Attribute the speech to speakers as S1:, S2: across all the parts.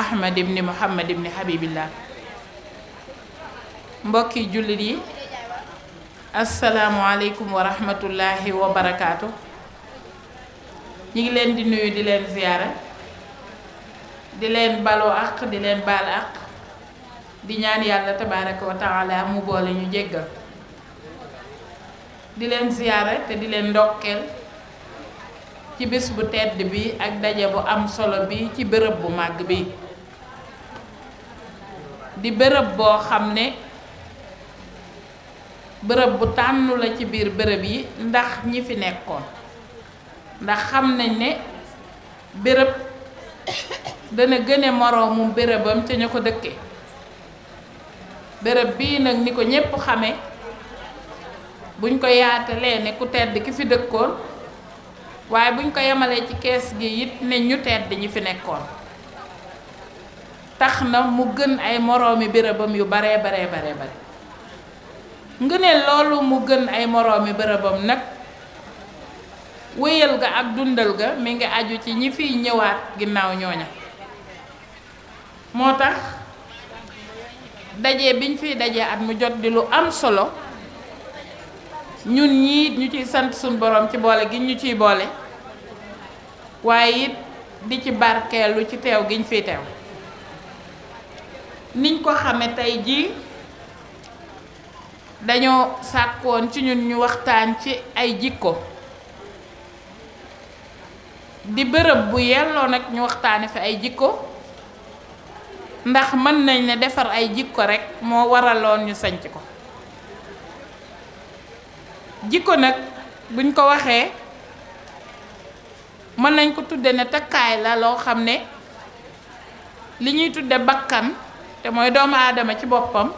S1: ahmad ibni muhammad ibni habibillah mbokki jullit yi asalaamualeykum wa rahmatullahi wa barakaatu ñi ngi leen di nuyu di leen ziyaara di leen baloo àq di leen baal àq di ñaan yàlla tabaaraka wa taala mu boole ñu jéggal di leen ziyaara te di leen ndokkeel ci bis bu tedd bi ak daje bu am solo bi ci bërëb bu màgg bi di bërëb boo xam ne bërëb bu tànnu la ci biir bërëb yi ndax ñi fi nekkoon ndax xam nañ ne bërëb dana gëne moroomum bërëbam ca ña ko dëkke bërëb bii nag ni ko ñépp xame buñ ko yaatalee ne ku tedd ki fi dëkkoon waaye buñ ko yemalee ci kees gi it ne ñu tedd ñi fi nekkoon tax na mu gën ay moroomi bérébam yu baree baree baree bare nga ne loolu mu gën ay moroomi bérébam nag wéyal ga ak dundal ga mi ngi aju ci ñi fiy ñëwaat ginnaaw ñooña moo tax daje biñ fiy dajee at mu jot di lu am solo ñun ñii ñu ciy sant suñ borom ci boole gi ñu ciy boole waaye it di ci barkeelu ci teew giñ fiy teew niñ ko xame tey jii dañoo sàkkoon ci ñun ñu waxtaan ci ay jikko di bërëb bu yelloo nag ñu waxtaane fi ay jikko ndax mën nañ ne defar ay jikko rekk moo waraloon ñu sanc ko jikko nag buñ ko waxee mën nañ ko tudde ne takkaay la loo xam ne li ñuy tudde bakkan te mooy doomu aadama ci boppam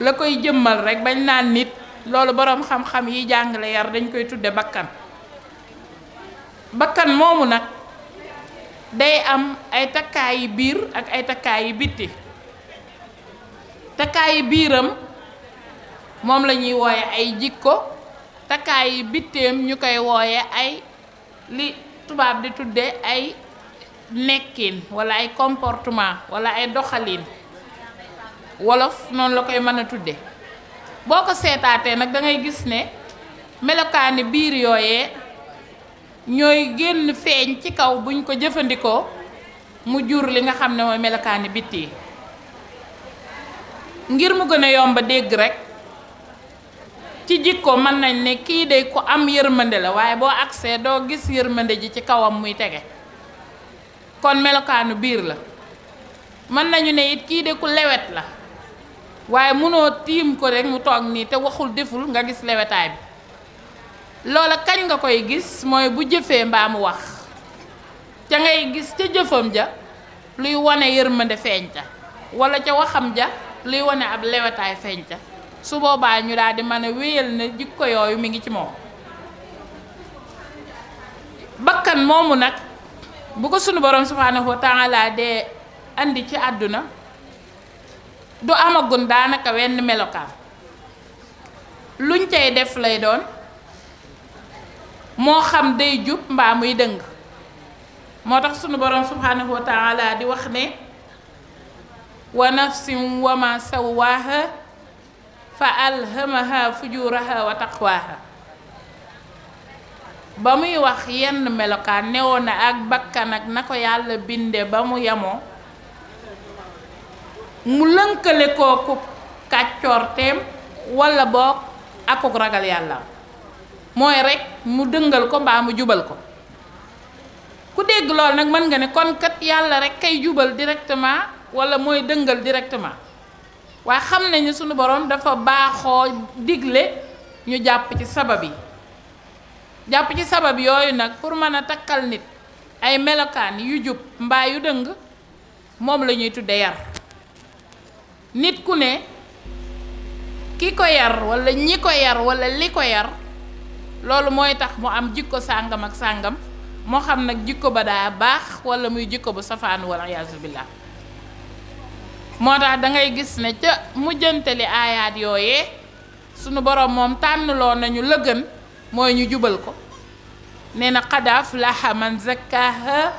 S1: la koy jëmmal rekk bañ naan nit loolu boroom xam-xam yi jàngale yar dañ koy tudde bakkan bakkan moomu nag day am ay takkaayi biir ak ay takkaayi bitti takkaayi biiram moom lañuy ñuy wooye ay jikko takkaayi bitteem ñu koy wooye ay li tubaab di tudde ay nekkin wala ay comportement wala ay doxaliin wolof noonu la koy mën a tudde boo ko seetaatee nag dangay gis ne melokaani biir yooyee ñooy génn feeñ ci kaw buñ ko jëfandikoo mu jur li nga xam ne mooy melokaani bitti ngir mu gën a yomb dégg rekk ci jikko mën nañ ne kii de ku am yërmande la waaye boo agsee doo gis yërmande ji ci kawam muy tege kon melokaanu biir la mën nañu ne it kii de ku lewet la waaye munoo tiim ko rekk mu toog nii te waxul deful nga gis lewetaay bi loola kañ nga koy gis mooy bu jëfee mbaa mu wax ca ngay gis ca jëfam ja luy wane yërmande feeñ ca ca waxam ja luy wane ab lewetaay feeñ ca su boobaa ñu daal di mën a wéyal ne jikko yooyu mi ngi ci moom bakkan moomu nag bu ko sunu borom subhaanahu wa taala dee andi ci àdduna du amagun daanaka wenn melokaan luñ cay def lay doon moo xam day jub mbaa muy dëng moo tax sunu borom subhaanahu wa taala di wax ne wa nafsin wa ma sawwaaha fa alhamaha fujuraha wa taqwaaha ba muy wax yenn melokaan newoon na ak bakkan ak na ko yàlla binde ba mu yemoo mu lënkale kooku kàccoorteem wala boog akuk ragal yàlla mooy rekk mu dëngal ko mbaa mu jubal ko ku dégg loolu nag mën nga ne konkat yàlla rekk kay jubal directement wala mooy dëngal directement waa xam nañu sunu borom dafa baaxoo digle ñu jàpp ci sabab yi jàpp ci sabab yooyu nag pour mën a takkal nit ay melokaan yu jub mbaa yu dëng moom lañuy tudde yar nit ku ne ki ko yar wala ñi ko yar wala li ko yar loolu mooy tax mu am jikko sàngam ak sàngam moo xam nag jikko ba daa baax wala muy jikko bu safaanu wala yaasu billaah moo tax da gis ne ca mujjantali aayaat yooye sunu borom moom tànnloo nañu lëgën mooy ñu jubal ko nee na qad aflaha man zakkaaha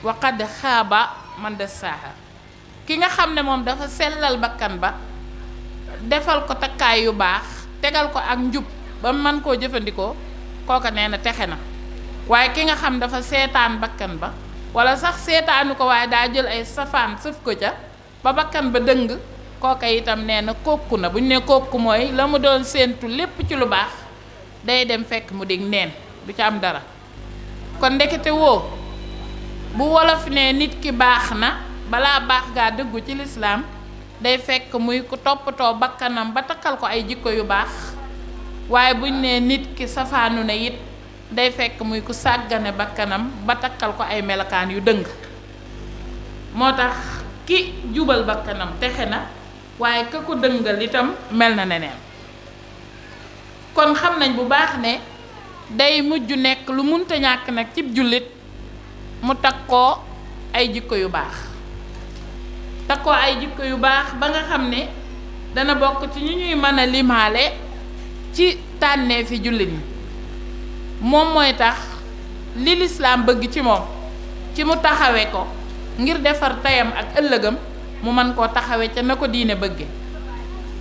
S1: wa qad xaaba man dassaaha ki nga xam ne moom dafa sellal bakkan ba defal ko takkaay yu baax tegal ko ak njub ba man koo jëfandikoo kooka nee na texe na waaye ki nga xam dafa seetaan bakkan ba wala sax seetaanu ko waaye daa jël ay safaan sëf ko ca ba bakkan ba dëng kooka itam nee na kokku na bu ñu ne kokku mooy la mu doon séentu lépp ci lu baax day dem fekk mu dig neen du ca am dara kon ndekete woo bu wolof nee nit ki baax na balaa baax gaa dëggu ci lislaam day fekk muy ku toppatoo bakkanam ba takkal ko ay jikko yu baax waaye buñ nee nit ki safaanu ne it day fekk muy ku sàggane bakkanam ba takkal ko ay melokaan yu dëng moo tax ki jubal bakkanam texe na waaye ka ko dëngal itam mel na neneen kon xam nañ bu baax ne day mujj nekk lu munta ñàkk nag cib jullit mu takkoo ay jikko yu baax takkoo ay jikko yu baax ba nga xam ne dana bokk ci ñu ñuy mën a limaale ci tànnee fi jullit ñi moom mooy tax li lislaam bëgg ci moom ci mu taxawe ko ngir defar tayam ak ëllëgam mu mën koo taxawe ca na ko diine bëgge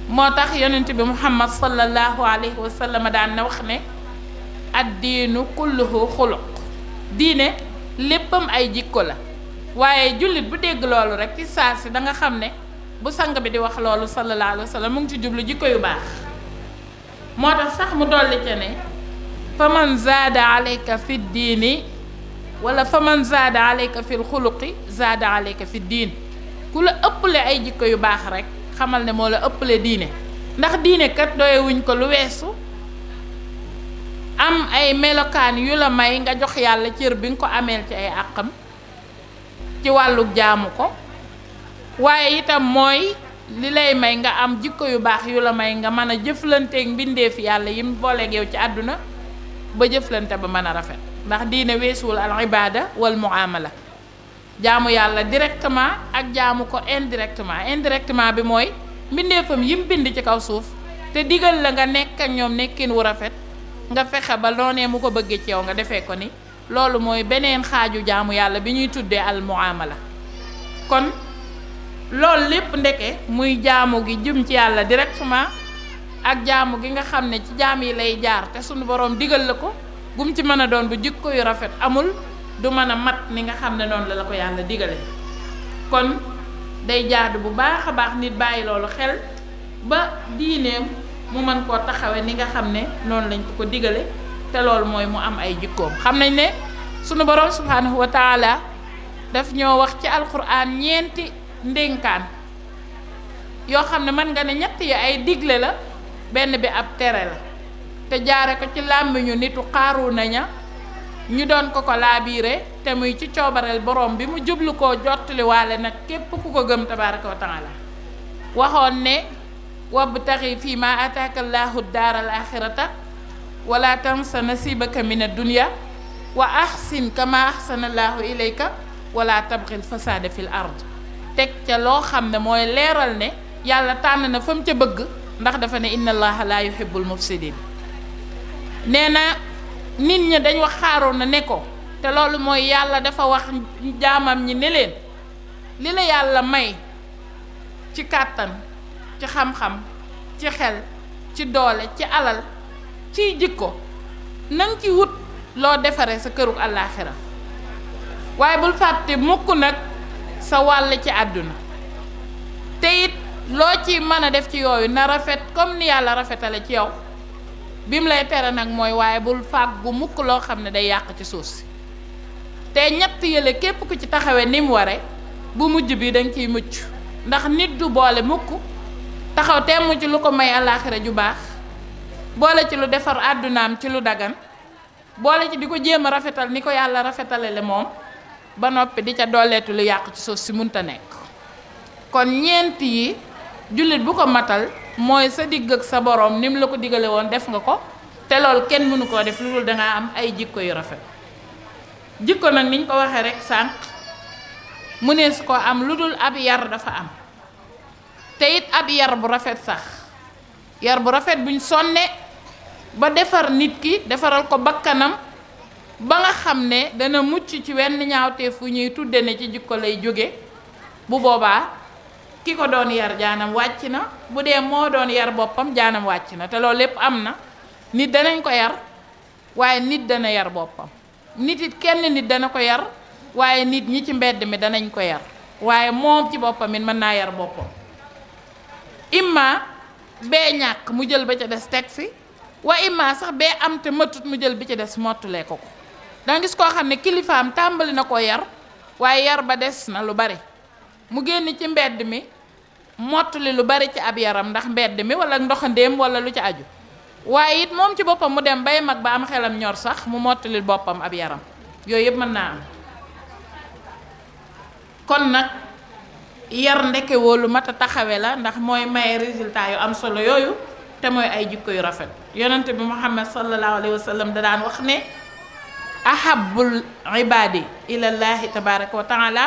S1: moo tax yonent bi muhammad sallallahu alayhi wa sallam daan na wax ne addiinu kulluhu xuluq diine léppam ay jikko la waaye jullit bu dégg loolu rek ci saa si da nga xam ne bu sang bi di wax loolu sallallahu alayhi mu ngi ci jublu jikko yu baax moo tax sax mu dolli ca ne fa man zaada alayka fi diini wala fa man zaada alayka fi lxuluqi ku la ëpple ay jikko yu baax rekk xamal ne moo la ëppale diine ndax diine kat doyewuñ ko lu weesu am ay melokaan yu la may nga jox yàlla cër bi nga ko ameel ci ay àqam ci wàllu jaamu ko waaye itam mooy li lay may nga am jikko yu baax yu la may nga mën a jëflanteeg mbindeef yàlla yim booleeg yow ci àdduna ba jëflante ba mën a rafet ndax diine weesuwul al ibaada wal muamala jaamu yàlla directement ak jaamu ko indirectement indirectement bi mooy mbindeefam yim bind ci kaw suuf te digal la nga nekk ak ñoom nekkin wu rafet nga fexe ba noonee mu ko bëggee ci yow nga defee ko ni loolu mooy beneen xaaju jaamu yàlla bi ñuy tuddee al muamala kon loolu lépp ndeke muy jaamu gi jëm ci yàlla directement ak jaamu gi nga xam ne ci jaam yi lay jaar te sunu borom digal la ko gum ci mën a doon bu jikko yu rafet amul du mën a mat ni nga xam ne noonu la la ko yàlla digale kon day jaadu bu baax a baax nit bàyyi loolu xel ba diineem mu mën koo taxawe ni nga xam ne noonu lañ ko ko digale te loolu mooy mu am ay jikkoom xam nañ ne sunu borom subhaanahu wa taala daf ñoo wax ci alquran ñeenti ndénkaan yoo xam ne mën nga ne ñett yi ay digle la benn bi ab tere la te jaare ko ci làmmiñu nitu xaaru naña ñu doon ko ko laabiire te muy ci coobareel borom bi mu jublu koo jottaliwaale nag képp ku ko gëm tabaaraka wa taala waxoon ne wabtaxi fii ma ataaka llaahu daaral axirata wala tansa nasibaka min addunya wa axsin kama axsana llaahu ilayka wala tabxil fasaada fil ard teg ca loo xam ne mooy leeral ne yàlla tànn na fam ca bëgg ndax dafa ne inna allaha laa nee na nit ñi dañ wax xaaroon na ne ko te loolu mooy yàlla dafa wax jaamam ñi ne leen li la yàlla may ci kàttan ci xam-xam ci xel ci doole ci alal ciy jikko nang ci wut loo defaree sa këru àllaaxira waaye bul fàtte mukk nag sa wàll ci àdduna te it loo ci mën a def ci yooyu na rafet comme ni yàlla rafetale ci yow bi mu lay tere nag mooy waaye bul fàggu mukk loo xam ne day yàq ci suuf si te ñett yële képp ku ci taxawee ni mu ware bu mujj bi danga ciy mucc ndax nit du boole mukk taxaw temm ci lu ko may alaaxira ju baax boole ci lu defar àddunaam ci lu dagan boole ci di ko jéem a rafetal ni ko yàlla rafetale le moom ba noppi di ca dooleetu lu yàq ci suuf si munta nekk kon ñeent yi jullit bu ko matal mooy sa digg ak sa boroom ni mu la ko digale woon def nga ko te lool kenn mënu koo def lu dul dangaa am ay jikko yu rafet jikko nag niñ ko waxee rek sànq mu ne su ko am lu dul ab yar dafa am te it ab yar bu rafet sax yar bu rafet buñ sonnee ba defar nit ki defaral ko bakkanam ba nga xam ne dana mucc ci wenn ñaawteef fu ñuy tudde ne ci jikko lay jóge bu boobaa ki ko doon yar jaanam wàcc na bu dee moo doon yar boppam jaanam wàcc na te loolu lépp am na nit danañ ko yar waaye nit dana yar boppam nit it kenn nit dana ko yar waaye nit ñi ci mbedd mi danañ ko yar waaye moom ci boppam it mën naa yar boppam imma bee ñàkk mu jël ba ca des teg fi wa imma sax bee am te matut mu jël bi ca des mottulee ko ko danga koo xam ne kilifaam tàmbali na ko yar waaye yar ba des na lu bari mu génn ci mbedd mi mottali lu bari ci ab yaram ndax mbedd mi wala ndoxandéem wala lu ci aju waaye it moom ci boppam mu dem bay mag ba am xelam ñor sax mu mottali boppam ab yaram yooyu yëpp mën naa am kon nag yar ndeke lu mat a taxawe la ndax mooy maye résultat yu am solo yooyu te mooy ay jikko yu rafet yonent bi muhammad sallallahu alayhi wa sallam da daan wax ne ahabul ibadi ilallahi tabaraka wa taala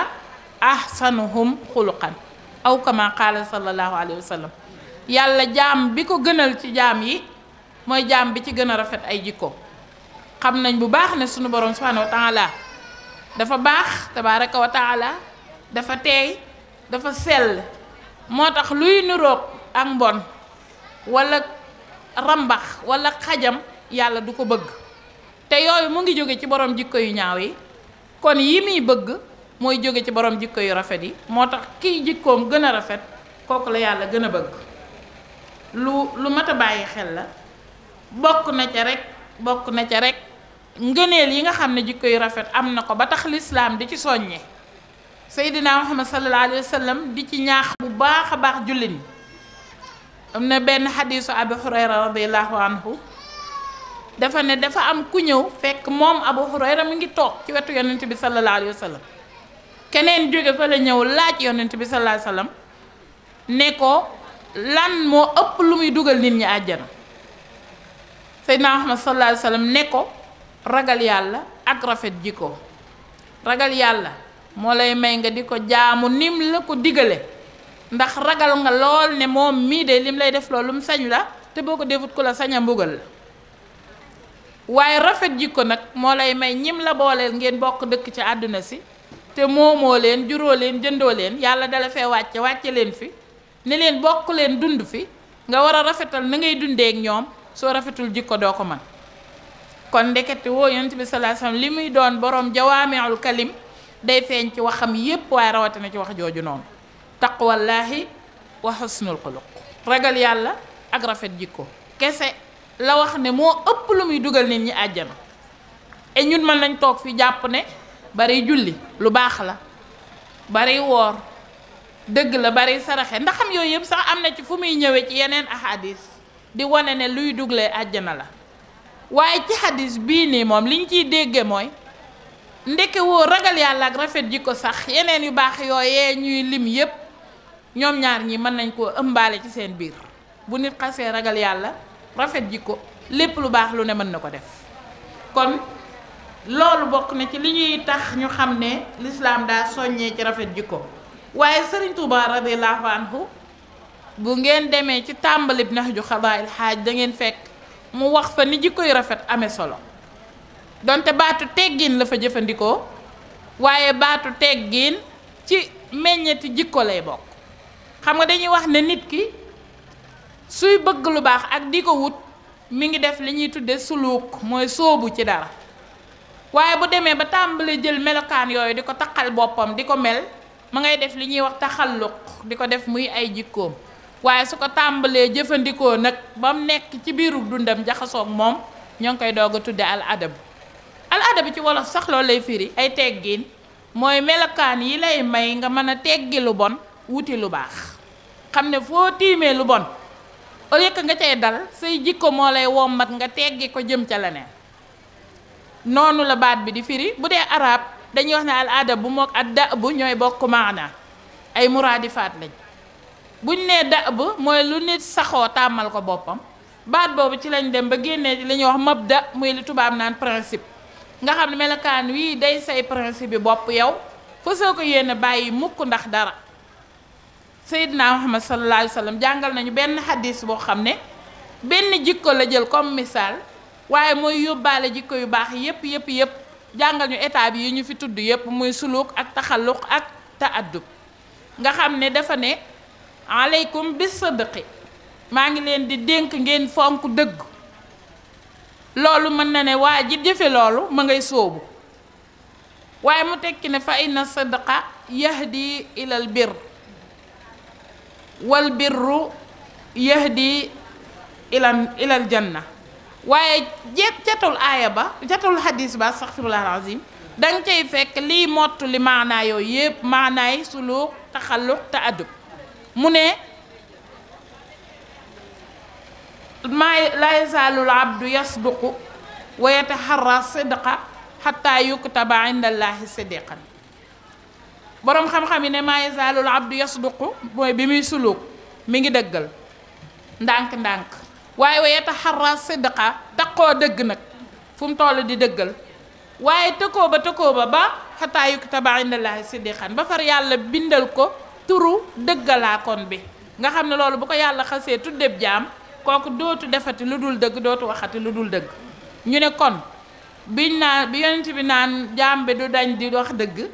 S1: ahsanuhum xuluqan aw kama qaala sallallahu alayhi yàlla jaam bi ko gënal ci jaam yi mooy jaam bi ci gën a rafet ay jikko xam nañ bu baax ne sunu borom subhanahu wa dafa baax tabaraka wa taala dafa teey dafa sell moo tax luy nurook ak mbon wala rambax wala xajam yàlla du ko bëgg te yooyu mu ngi jóge ci borom jikko yu ñaaw yi kon yi muy bëgg mooy jóge ci boroom jikko yu rafet yi moo tax kiy jikkoom gën a rafet kooku la yàlla gën a bëgg lu lu mat a bàyyi xel la bokk na ca rek bokk na ca rek ngëneel yi nga xam ne jikko yu rafet am na ko ba tax lislaam di ci soññe Seydina Muhammad sallallahu alayhi wa sallam di ci ñaax bu baax a baax jullit ñi am na benn xadiisu Abu Hurayra radiyallahu anhu dafa ne dafa am ku ñëw fekk moom Abu Hurayra mu ngi toog ci wetu yonent bi sallallahu alayhi wa keneen jóge fa la ñëw laaj yonent bi sallallahu alayhi wasallam ne ko lan moo ëpp lu muy dugal nit ñi àjjana Seydina Ahmad sallallahu alayhi wasallam ne ko ragal yàlla ak rafet jikko ragal yàlla moo lay may nga di ko jaamu nim la ko digale ndax ragal nga lool ne moom mii de lim lay def loolu mu sañ la te boo ko defut ko la sañ a mbugal la waaye rafet jikko nag moo lay may ñim la booleel ngeen bokk dëkk ci àdduna si te moomoo leen juróo leen jëndoo leen yàlla dala fee wàcce wàcce leen fi ni leen bokk leen dund fi nga war a rafetal na ngay dundee ñoom soo rafetul jikko doo ko man kon ndekete woo yonent bi sallallahu li muy doon boroom jawaami'ul kalim day feeñ ci waxam yépp waaye rawatina ci wax jooju noonu taqwallaahi wa husnul xuluq ragal yàlla ak rafet jikko kese la wax ne moo ëpp lu muy dugal nit ñi àjjana et ñun mën nañ toog fi jàpp ne bari julli lu baax la bari woor dëgg la bari saraxe ndax xam yooyu yëpp sax am na ci fu muy ñëwee ci yeneen ahadis di wane ne luy duglee àjjana la waaye ci hadis bii nii moom liñ ciy dégge mooy ndeke woo ragal yàlla ak rafet ji ko sax yeneen yu baax yooyee ñuy lim yépp ñoom ñaar ñi mën nañ koo ëmbaale ci seen biir bu nit xasee ragal yàlla rafet ji ko lépp lu baax lu ne mën na ko def kon loolu bokk na ci li ñuy tax ñu xam ne lislaam daa soññee ci rafet jikko waaye sëriñ Touba radiyallahu bu ngeen demee ci tàmbalib Nahju Qadaa'il Haaj da ngeen fekk mu wax fa ni jikkoy rafet amee solo donte baatu teggin la fa jëfandikoo waaye baatu teggin ci meññeti jikko lay bokk xam nga dañuy wax ne nit ki suy bëgg lu baax ak di ko wut mi ngi def li ñuy tudde suluuk mooy sóobu ci dara waaye bu demee ba tàmbalee jël melokaan yooyu di ko taqal boppam di ko mel ma ngay def li ñuy wax taxalluq di ko def muy ay jikkoom waaye su ko tàmbalee jëfandikoo nag ba mu nekk ci biiru dundam jaxasoog moom ñoo ngi koy doog a tudde al adab al adab ci wolof saxloo lay firi ay teggiin mooy melokaan yi lay may nga mën a teggi lu bon wuti lu baax xam ne foo tiimee lu bon au lieu nga cay dal say jikko moo lay wommat nga teggi ko jëm ca leneen noonu la baat bi di firi bu dee arab dañuy wax ne al bu mook ad da bu ñooy bokk maana ay muraadi faat lañ buñ nee da bu mooy lu nit saxoo tàmmal ko boppam baat boobu ci lañ dem ba génnee li ñuy wax mabda muy li tubaab naan principe nga xam ne melokaan wii day say principe bi bopp yow fa soo ko yéene bàyyi mukk ndax dara Seydina Muhammad sallallahu alayhi wa sallam jàngal nañu benn xadis boo xam ne benn jikko la jël comme misaal waaye mooy yóbbaale jikko yu baax yépp yépp yépp jàngal ñu état yi ñu fi tudd yépp muy suluk ak taxalluq ak ta'addub nga xam ne dafa ne aleykum bis sadqi maa ngi leen di dénk ngeen fonk dëgg loolu mën na ne waa ji jëfe loolu ma ngay sóobu waaye mu tekki ne fa inna sadqa yahdi ilal bir wal birru yahdi ilal ilal janna waaye je cetul aaya ba cetul hadis ba astaghfirullah azim danga cay fekk liy mott li maanaa yépp yëpp maanaay suluux taxalluq te addub mu ne maa laa yazaalul abdu yasduqu wa yataxarra sidqa xataa yuktaba indallaahi siddiqan boroom xam-xam yi ne maa yazaalul abdu yasduqu mooy bi muy suluuk mi ngi dëggal ndànk-ndànk waaye waaye taxarra sidqa taqoo dëgg nag fu mu toll di dëggal waaye tëkkoo ba tëkkoo ba ba xataa yuktaba indallaahi siddiqan ba far yàlla bindal ko turu dëggalaakon bi nga xam ne loolu bu ko yàlla xasee tuddeb jaam kooku dootu defati lu dul dëgg dootu waxati lu dul dëgg ñu ne kon bi naan bi yonent bi naan jaam bi du dañ di wax dëgg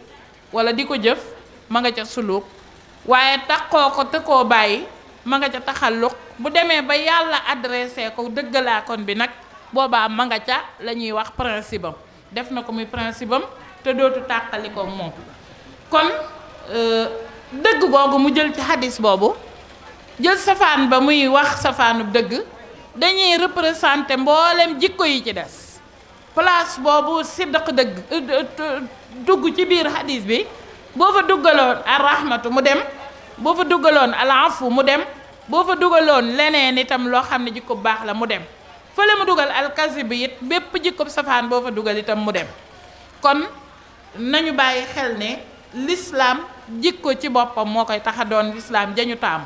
S1: wala di ko jëf ma nga ca suluuk waaye taxoo ko tëkkoo bàyyi ma nga ca taxalluq bu demee ba yàlla adressé ko dëggalaakoon bi nag boobaa ma nga ca la ñuy wax principe def na ko muy principe am te dootu tàqalikoo moom kon euh, dëgg googu mu jël ci xaddis boobu jël safaan ba muy wax safaanub dëgg dañuy représenté mboolem jikko yi ci des place boobu sidq dëgg euh, euh, dugg ci biir xadis bi boo fa duggaloon ar rahmatu mu dem boo fa duggaloon al afu mu dem boo fa dugaloon leneen itam loo xam ne jikko baax la mu dem fële mu dugal alkasi bi it bépp jikko safaan boo fa dugal itam mu dem kon nañu bàyyi xel ne lislaam jikko ci boppam moo koy tax a doon lislaam jañu taamu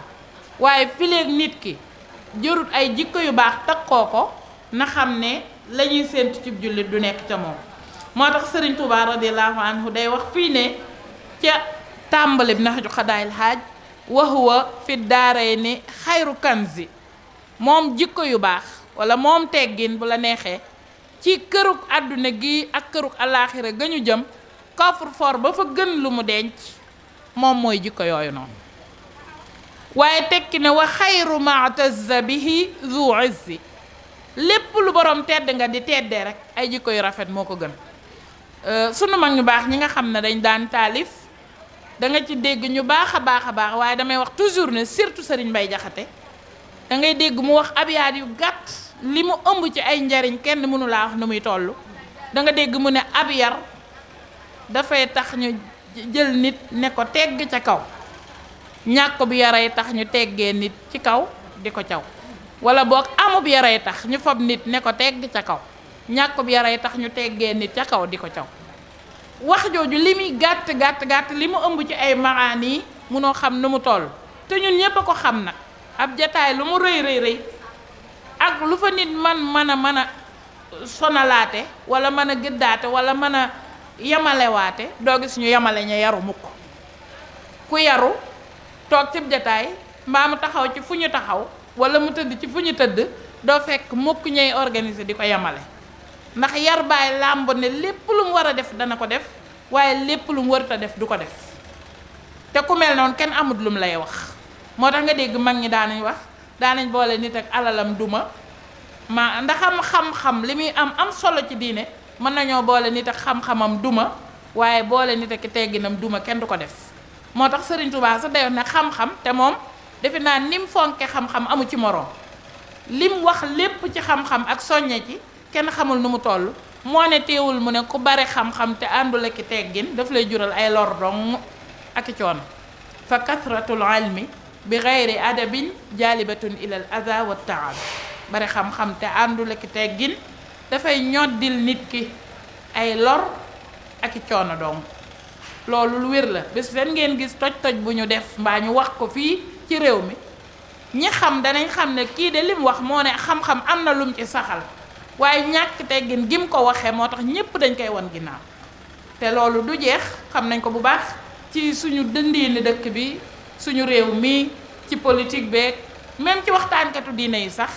S1: waaye fileeg nit ki jërut ay jikko yu baax takkoo ko na xam ne la ñuy séentu cib jullit du nekk ca moom moo tax sëriñ Tuubaa radiyallaahu anhu day wax fii ne ca tàmbali bi nax ju xaaj wa huwa fi daarayni xayru kanzi moom jikko yu baax wala moom teggin bu la neexee ci kërug àdduna gi ak këru alaaxira ga ñu jëm coffre-fort ba fa gën lu mu denc moom mooy jikko yooyu noonu waaye tekki ne wax xayru matazza bihi zu izzi lépp lu borom tedd nga di teddee rek ay jikko yu rafet moo ko gën euh, sunu mag ñu baax ñi nga xam ne dañ daan taalif da nga ci dégg ñu baax a baax a baax waaye damay wax toujours ne surtout Serigne Mbaye Jaxate da ngay dégg mu wax abyaat yu gàtt li mu ëmb ci ay njariñ kenn mënu wax nu muy toll da nga dégg mu ne ab yar dafay tax ñu jël nit ne ko tegg ca kaw ñàkk bu yaray tax ñu teggee nit ci kaw di ko caw wala boog amub yaray tax ñu fab nit ne ko tegg ca kaw ñàkk bu yaray tax ñu teggee nit ca kaw di ko caw wax jooju li muy gàtt gàtt gàtt li mu ëmb ci ay maraan yi munoo xam ne mu toll te ñun ñëpp a ko xam nag ab jataay lu mu rëy rëy rëy ak lu fa nit man mën a mën a sonalaate wala mën a gëddaate wala mën a yamalewaate doo gis ñu yamale ña yaru mukk ku yaru toog cib jataay mbaa mu taxaw ci fu ñu taxaw wala mu tëdd ci fu ñu tëdd doo fekk mukk ñay organiser di ko yamale ndax yar baay làmb ne lépp lu mu war a def dana ko def waaye lépp lu mu warut def du ko def te ku mel noonu kenn amut mu lay wax moo tax nga dégg mag ñi daanañ wax daanañ boole nit ak alalam duma ma ndax am xam-xam li muy am am solo ci diine mën nañoo boole nit ak xam-xamam duma waaye boole nit ak tegginam duma kenn du ko def moo tax Serigne Touba sa dayoon ne xam-xam te moom defe naa nim fonke xam-xam amu ci moroom lim wax lépp ci xam-xam ak soññe ci kenn xamul nu mu toll moo ne teewul mu ne ku bare xam-xam te àndul ak i teggin daf lay jural ay lor dong ak i coono fa kasratul ilmi bi gayri adabin jaalibatun ilal aza wa taab bare xam-xam te àndul ak i dafay ñoddil nit ki ay lor ak i coono dong loolu lu wér la bés fen ngeen gis toj-toj bu ñu def mbaa ñu wax ko fii ci réew mi ñi xam danañ xam ne kii de lim wax moo ne xam-xam am na lum ci saxal waaye ñàkk teggin gim ko waxee moo tax ñépp dañ koy wan ginnaaw te loolu du jeex xam nañ ko bu baax ci suñu dëndiini dëkk bi suñu réew mii ci politique beeg même ci waxtaankatu diine yi sax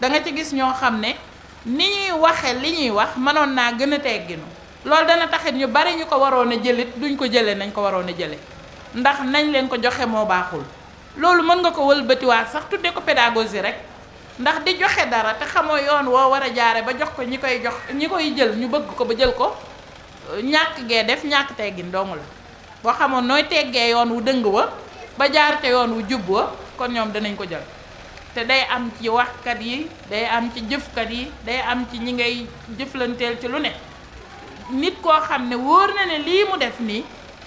S1: danga ci gis ñoo xam ne ni ñuy waxe li ñuy wax mënoon naa gën a tegginu loolu dana taxit ñu bare ñu ko waroon a jëlit duñ ko jëlee nañ ko waroon a jële ndax nañ leen ko joxe moo baaxul loolu mën nga ko wëlbatiwaat sax tudde ko pédagogie rek ndax di joxe dara te xamoo yoon woo war a jaare ba jox ko ñi koy jox ñi koy jël ñu bëgg ko ba jël ko ñàkk gee def ñàkk teggin doomu la boo xamoon nooy teggee yoon wu dëng wa ba jaar te yoon wu jub wa kon ñoom danañ ko jël te day am ci waxkat yi day am ci jëfkat yi day am ci ñi ngay jëflanteel ci lu ne nit koo xam ne wóor na ne lii mu def nii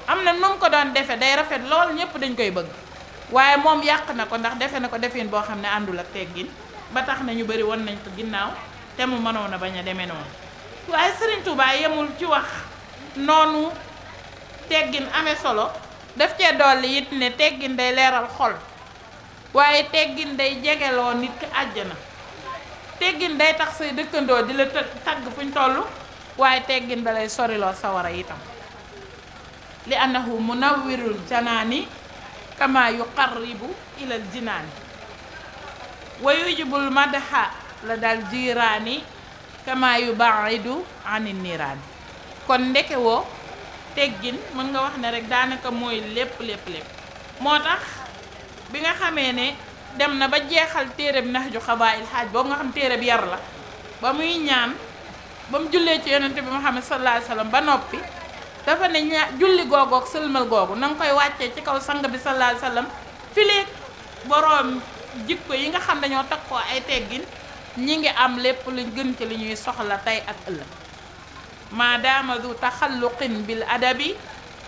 S1: am na nu mu ko doon defe day rafet lool ñëpp dañ koy bëgg waaye moom yàq na ko ndax defe na ko defin boo xam ne àndul ak teggin ba tax na ñu bëri wan ginnaaw te mu mënoon a bañ a demee noonu waaye Serigne Touba yemul ci wax noonu teggin ame solo def cee dolli it ne teggin day leeral xol waaye teggin day jegeloo nit ki àjjana teggin day tax say dëkkandoo di la tagg fuñ toll waaye teggin da lay soriloo sawara itam li annahu munawwirul janaani kama yuqarribu ilal jinaani wa yujibul madaxa la dal jiiraani kama yu baidu ani niiraan kon ndeke woo teggin mën nga wax ne rek daanaka mooy lépp lépp moo tax bi nga xamee ne dem na ba jeexal téere bi Nahju Xabaa'il Haaj boobu nga xam téere bi yar la ba muy ñaan ba mu jullee ci yonente bi Muhammad sallallahu alayhi wasallam ba noppi dafa ne ña julli googoog sëlmal googu na koy wàccee ci kaw sang bi sallallahu alayhi boroom jikko yi nga xam dañoo takkoo ay teggin ñi ngi am lépp lu gën ci li ñuy soxla tey ak ëllëg maadaama du taxalluqin bil adabi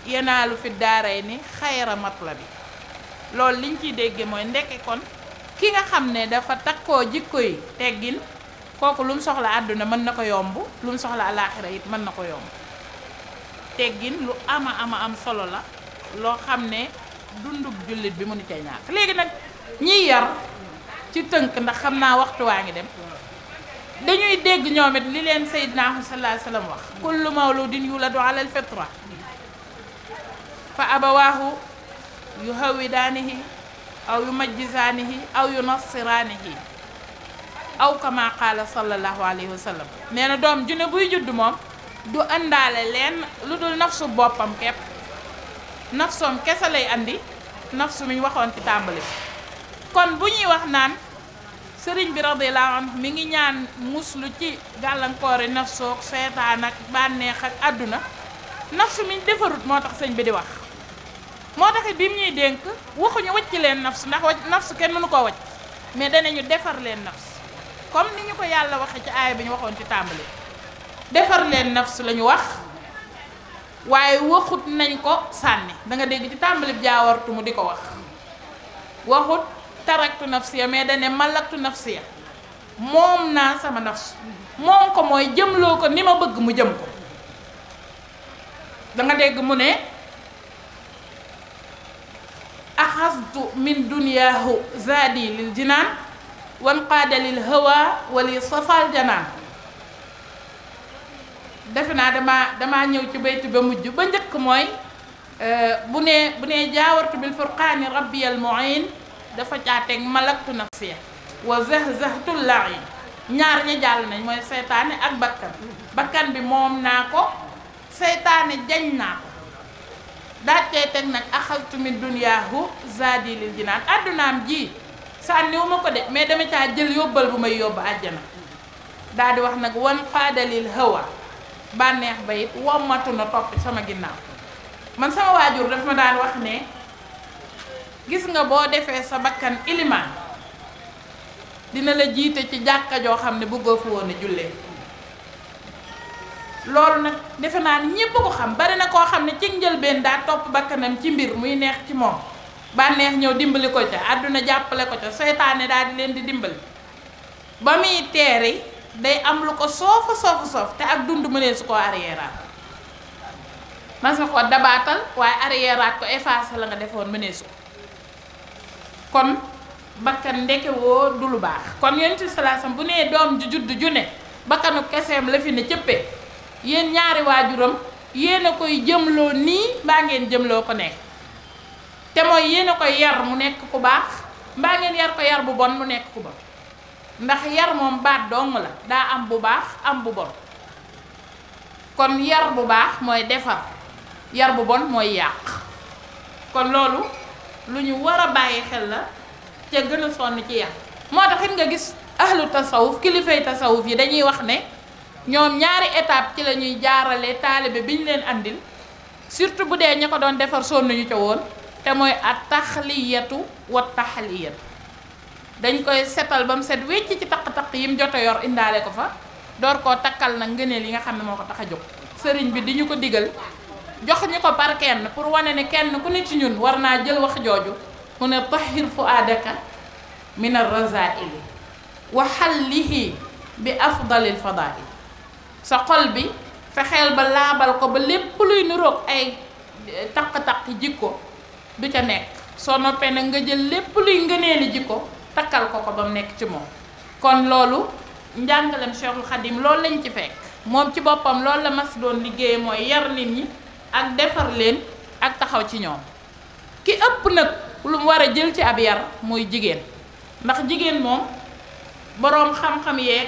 S1: yenaalu fi daaray ni xayra bi loolu liñ ciy dégge mooy ndekke kon ki nga xam ne dafa takkoo jikko yi teggin kooku lu mu soxla àdduna mën na ko yomb lu mu soxla alaaxira it mën na ko yomb teggin lu ama ama am solo la loo xam ne dundub jullit bi mënu ca ñàkk léegi nag ñiy yar ci tënk ndax xam naa waxtu waa ngi dem dañuy dégg ñoom it li leen Seydina sallallahu alayhi wa sallam wax kullu mawludin yuladu ala alfitra fa abawaahu yu hawidaanihi aw yu majjisaanihi aw yu nassiraanihi aw kama qaala sallallahu alayhi wa nee na doom ju ne buy judd moom du ëndaale leen lu dul nafsu boppam képp nafsoom kese lay andi nafsu mi ñu waxoon ci tàmbali bi kon bu ñuy wax naan sëriñ bi radiyallahu anhu mi ngi ñaan muslu ci gàllankoori nafsoog seetaan ak bànneex ak àdduna nafsu mi defarut moo tax sëñ bi di wax moo taxit it bi mu ñuy dénk waxuñu wacc leen nafsu ndax wacc nafsu kenn mënu ko wacc mais danañu defar leen nafsu comme ni ñu ko yàlla waxe ci aaya bi ñu waxoon ci tàmbali defar leen nafsu la ñu wax waaye waxut nañ ko sànni da dégg ci tàmbali bi jaawartu mu di ko wax waxut taraktu nafsiya mais dane malaktu nafsiya moom naa sama nafs moom ko mooy jëmloo ko ni ma bëgg mu jëm ko da dégg mu ne axastu min duniyaahu zaadi lil jinaan wan qaada lil wali safal janaan defe naa damaa damaa ñëw ci baytu ba mujj ba njëkk mooy euh, bu ne bu ne jaawartu bil furqaani rabbiyal muin dafa caa teg malaktu nafsiya wa zahzahtul la'in ñaar ñi jàll nañ mooy seytaane ak bakkan bi moom naa ko seytaane jañ naa ko daaj cay teg nag axaltu min duniyaahu zaadi lil jinaan àddunaam ji sànniwu ma ko de mais dama caa jël yóbbal bu may yóbbu àjjana daal di wax nag wan faadalil hawa bànneex ba it wommatu na topp sama ginnaaw man sama waajur daf ma daan wax ne gis nga boo defee sa bakkan ilimaan dina la jiite ci jàkka joo xam ne bëggoo fi woon a loolu nag defe naa ni ñépp ko xam bari na koo xam ne ci njëlbeen daa topp bakkanam ci mbir muy neex ci moom bànneex ñëw dimbali ko ca àdduna jàppale ko ca seytaane daal di leen di dimbali ba muy teeri day am lu ko soofa soofa soof te ak dund mënee su ko arrièreaat mas ko dabaatal waaye arrièreaat ko effacé la nga defoon mëneesu ko kon bakkan ndekewoo du lu baax kon yonent ci salaasam bu nee doom ju judd ju ne bakkanu keseem la fi ne cëppee yéen ñaari waajuram yéen a koy jëmloo nii mbaa ngeen jëmloo ko ne te mooy yéen a koy yar mu nekk ku baax mbaa ngeen yar ko yar bu bon mu nekk ku bon ndax yar moom baat dong la daa am bu baax am bu bon kon yar bu baax mooy defar yar bu bon mooy yàq kon loolu lu ñu war a bàyyi xel na ca gën a sonn ci yàq moo tax nga gis ahlu tasawuf kilifay tasawuf yi dañuy wax ne ñoom ñaari étape ci la ñuy jaarale taalibe bi ñu leen indil surtout bu dee ña ko doon defar sonn ñu ca woon te mooy at taxliyatu wa taxliyatu dañ koy setal ba mu set wecc ci taq-taq yi mu jot a yor indaale ko fa door koo takkal nag ngëneel yi nga xam ne moo ko tax a jóg sëriñ bi di ñu ko digal jox ñu ko par kenn pour wane ne kenn ku ne ci ñun war naa jël wax jooju mu ne tahir fuaadaka min arrazaili wa xallihi bi afdalil fadail sa xol bi fexeel ba laabal ko ba lépp luy nuroog ay eh, taq-taq jikko du ca nekk soo noppee nag nga jël lépp luy ngëneeli jikko takkal ko ko ba mu nekk ci moom kon loolu njàngalem Cheikhul Khadim loolu lañ ci fekk moom ci boppam loolu la mas doon liggéey mooy yar nit ñi ak defar leen ak taxaw ci ñoom ki ëpp nag lu mu war a jël ci ab yar mooy jigéen ndax jigéen moom boroom xam-xam yeeg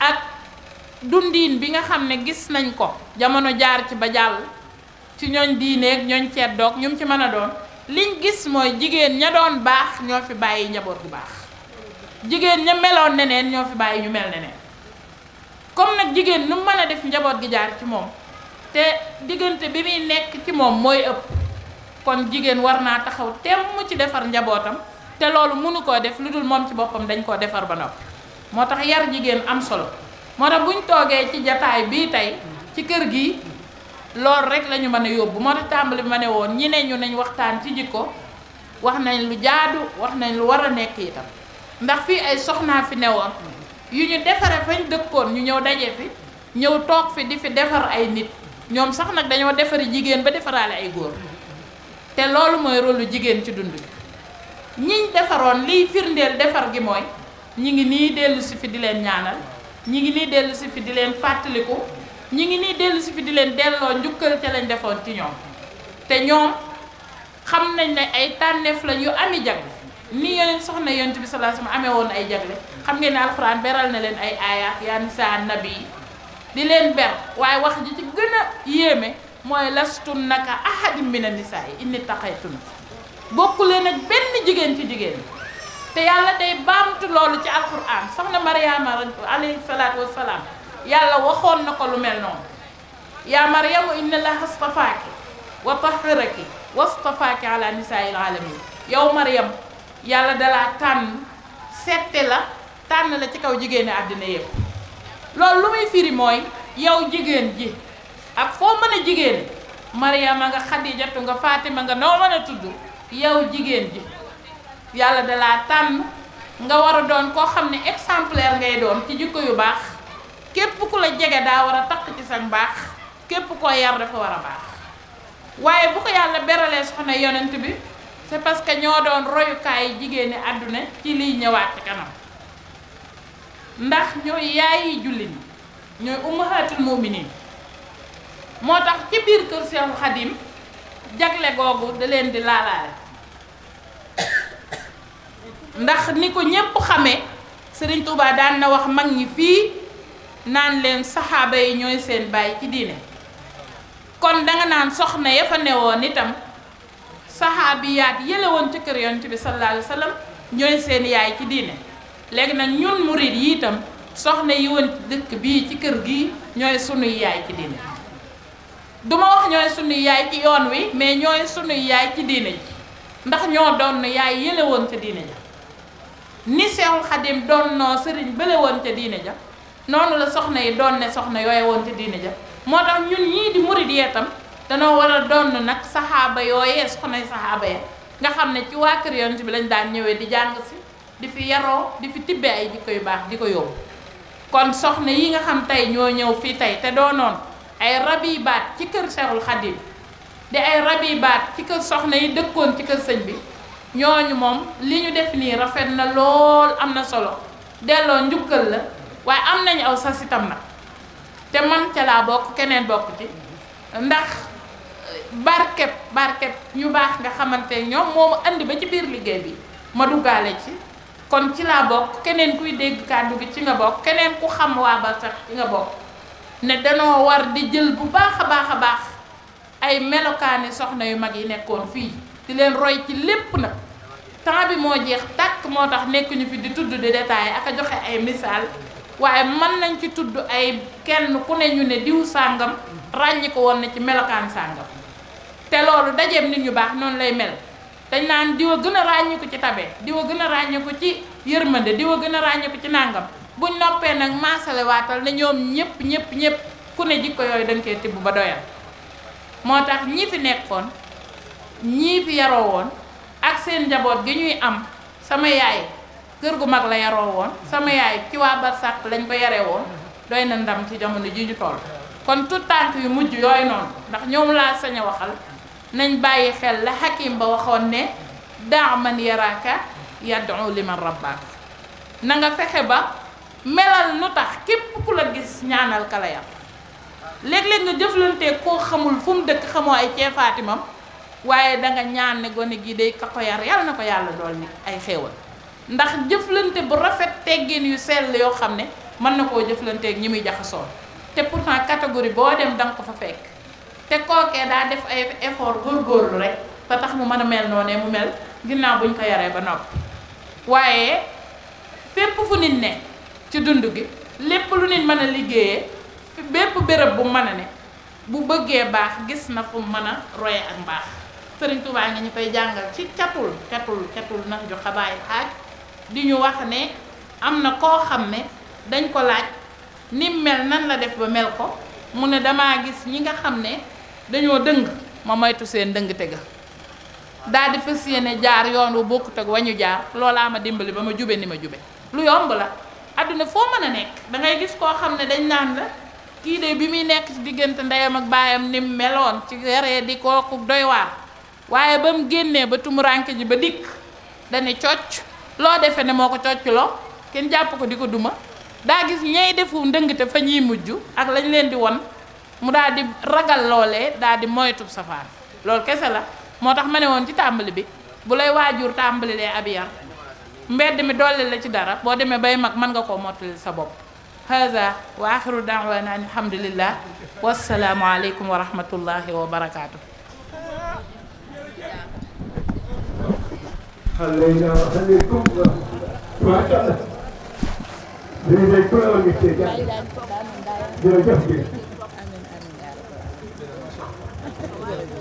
S1: ak dundiin bi nga xam ne gis nañ ko jamono jaar ci ba jàll ci ñooñ diineeg ñooñ ceet doog ñum ci mën a doon liñ gis mooy jigéen ña doon baax ñoo fi bàyyi njaboot bu baax jigéen ña meloon neneen ñoo fi bàyyi ñu mel neneen comme nag jigéen nu mën a def njaboot gi jaar ci moom te diggante bi muy nekk ci moom mooy ëpp kon jigéen war naa taxaw temm ci defar njabootam te loolu mënu koo def lu dul moom ci boppam dañ koo defar ba noppi moo tax yar jigéen am solo moo tax buñ toogee ci jataay bii tey ci kër gi loolu rek lañu ñu mën a yóbbu moo tax tàmbali ma ne woon ñi ne ñu nañ waxtaan ci jikko wax nañ lu jaadu wax nañ lu war a nekk itam ndax fii ay soxnaa fi newoon yu ñu defare fañ dëkkoon ñu ñëw daje fi ñëw toog fi di fi defar ay nit ñoom sax nag dañoo defari jigéen ba defaraale ay góor te loolu mooy rôle jigéen ci dund bi ñiñ defaroon liy firndeel defar gi mooy ñi ngi nii dellusi si fi di leen ñaanal ñi ngi nii dellu si fi di leen fàttaliku ñi ngi nii dellu si fi di leen delloo njukkal ca lañ defoon ci ñoom te ñoom xam nañ ne ay tànneef lañu yu ami jagle ni yeneen soxna yonent bi sallallahu sama amee woon ay jagle xam ngeen ne alxuraan beral na leen ay aayaat yaa nisaa nabi di leen ber waaye wax ji ci gën a yéeme mooy lastun naka ahadin min na nisaa yi inni taqaytun bokku leen ak benn jigéen ci jigéen te yàlla day baamtu loolu ci alquran soxna mariama alayhi salaatu wassalaam yàlla waxoon na ko lu mel noonu yaa maryamu inna allaha stafaaki wa tahiraki wastafaaki ala yow maryam yàlla dalaa tànn sette la tànn la ci kaw jigéeni àddina yépp lool lu muy firi mooy yow jigéen ji ak foo mën a jigéen Mariama nga Xadijatu nga Fatima nga noo mën a tudd yow jigéen ji yàlla da laa tànn nga war a doon koo xam ne exemplaire ngay doon ci jikko yu baax képp ku la jege daa war a takk ci sa mbaax képp koo yar dafa war a baax waaye bu ko yàlla beralee soxna yonent bi c'est parce que ñoo doon royukaayu jigéen ñi àdduna ci liy ñëwaat kanam. ndax ñooy yaayi jullit ñi ñooy ummahatul mu'minin moo tax ci biir kër Seexu Xadim jagle googu da leen di laalaale ndax ni ko ñépp xamee Sëriñ Tuubaa daan na wax mag ñi fii naan leen saxaaba yi ñooy seen baay ci diine kon danga naan soxna ya fa newoon itam saxaabiyaat yële woon ci kër yonent bi sallallahu alayhi wa ñooy seen yaay ci diine léegi nag ñun murid yi tam soxna yi woon ci dëkk bii ci kër gi ñooy sunuy yaay ci diine duma wax ñooy sunuy yaay ci wi mais ñooy sunuy ci diine ji ndax ñoo doon yaay yële woon ca diine ja ni Seexul Xadim doon noo sëriñ bële woon ca diine ja noonu la soxna yi doon ne soxna yooye woon ca diine ja moo tax ñun ñii di murid yee tam danoo war a doon nag saxaaba yooyee soxnay saxaaba ya nga xam ne ci waa kër yonent bi lañ daan ñëwee di jàng si di fi yaroo di fi tibbee ay jikko yu baax di ko yóbbu kon soxna yi nga xam tey ñoo ñëw fii tey te doonoon ay rabi baat ci kër Seexul Xadim di ay rabi baat ci kër soxna yi dëkkoon ci kër sëñ bi ñooñu moom li ñu def nii rafet na lool am na solo delloo njukkal la waaye am nañu aw sas itam nag te man ca laa bokk keneen bokk ci ndax eh, barkeb barkeb ñu baax nga xamante ñoom moomu andi ba ci biir liggéey bi ma duggaale ci kon ci laa bokk keneen kuy dégg kàddu gi ci nga bokk keneen ku xam waa ba sax ci nga bokk ne danoo war di jël bu baax a baax a baax ay melokaani soxna yu mag yi nekkoon fii di leen roy ci lépp nag temps bi moo jeex tàkk moo tax nekkuñu fi di tudd di détaillé ak a joxe ay misaal waaye mën nañ ci tudd ay kenn ku ne ñu ne diw sàngam ràññi ko woon na ci melokaan sàngam te loolu dajeem nit ñu baax noonu lay mel dañ naan diwa gën a ràññeeku ci tabe diwa gën a ràññeeku ci yërmande diwa gën a ràññeeku ci nàngam buñ noppee nag maasale waatal ne ñoom ñëpp ñëpp ñëpp ku ne jikko yooyu dañ koy tibb ba doyal moo tax ñi fi nekkoon ñii fi yaroo woon ak seen njaboot gi ñuy am sama yaay kër gu mag la yaroo woon sama yaay ci waa barsàq lañ ko yaree woon doy na ndam ci jamono ji ñu toll kon tout tànk yu mujj yooyu noonu ndax ñoom laa saña a waxal nañ bàyyi xel la xakim ba waxoon ne daa man yaraaka yaddu liman rabbaak na nga fexe ba melal nu tax képp ku la gis ñaanal kalayam la yam léeg-léeg nga jëflante koo xamul fu mu dëkk xamoo ay ceefaatimam waaye danga ñaan ne gone gi de ka ko yar yàlla na ko yàlla dool ni ay xéewal ndax jëflante bu rafet teggin yu sell yoo xam ne mën na koo jëflanteek ñi muy jaxasoon te pourtant catégorie boo dem danga ko fa fekk te kookee daa def ay effort góorgóorlu rek te tax mu mën a mel noonee mu mel ginnaaw buñ ko yaree ba noppi waaye fépp fu nit ne ci dund gi lépp lu nit mën a liggéeyee bépp béréb bu mën a ne bu bëggee baax gis na fu mën a roye ak mbaax sëriñ Tuubaa ngi ñu koy jàngal ci catul catul catul nax ju xabaay xaaj di ñu wax ne am na koo xam ne dañ ko laaj ni mel nan la def ba mel ko mu ne damaa gis ñi nga xam ne dañoo dëng ma moytu seen dëng te ga daal di fas yéene jaar yoon wu bokkut wañu jaar loolaa ma dimbali ba ma jube ni ma jube lu yomb la adduna foo mën a nekk da gis koo xam ne dañ naan la kii de bi muy nekk ci diggante ndeyam ak baayam ni meloon ci yaree di kooku doy waar waaye ba mu génnee ba tumuraanke ji ba dikk dane cocc loo defe ne moo ko cocc loo kenn jàpp ko di ko duma daa gis ñay defu ndëngte fa ñuy mujj ak lañ leen di won mu daal di ragal loolee daal di moytu safaan loolu kese la moo tax ma ne woon ci tàmbali bi bu lay waajur tàmbali tàmbalilee ab yar mbedd mi dolli la ci dara boo demee bay mag mën nga koo mottali sa bopp haza wa axiru daawana an alhamdulillah wasalaamu aleykum wa wa barakaatu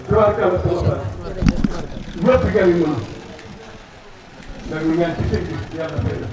S1: tubaarkàlla sama xar ñëpp gari mën na nag ñu ñaan ci sëñ bi yàlla fay na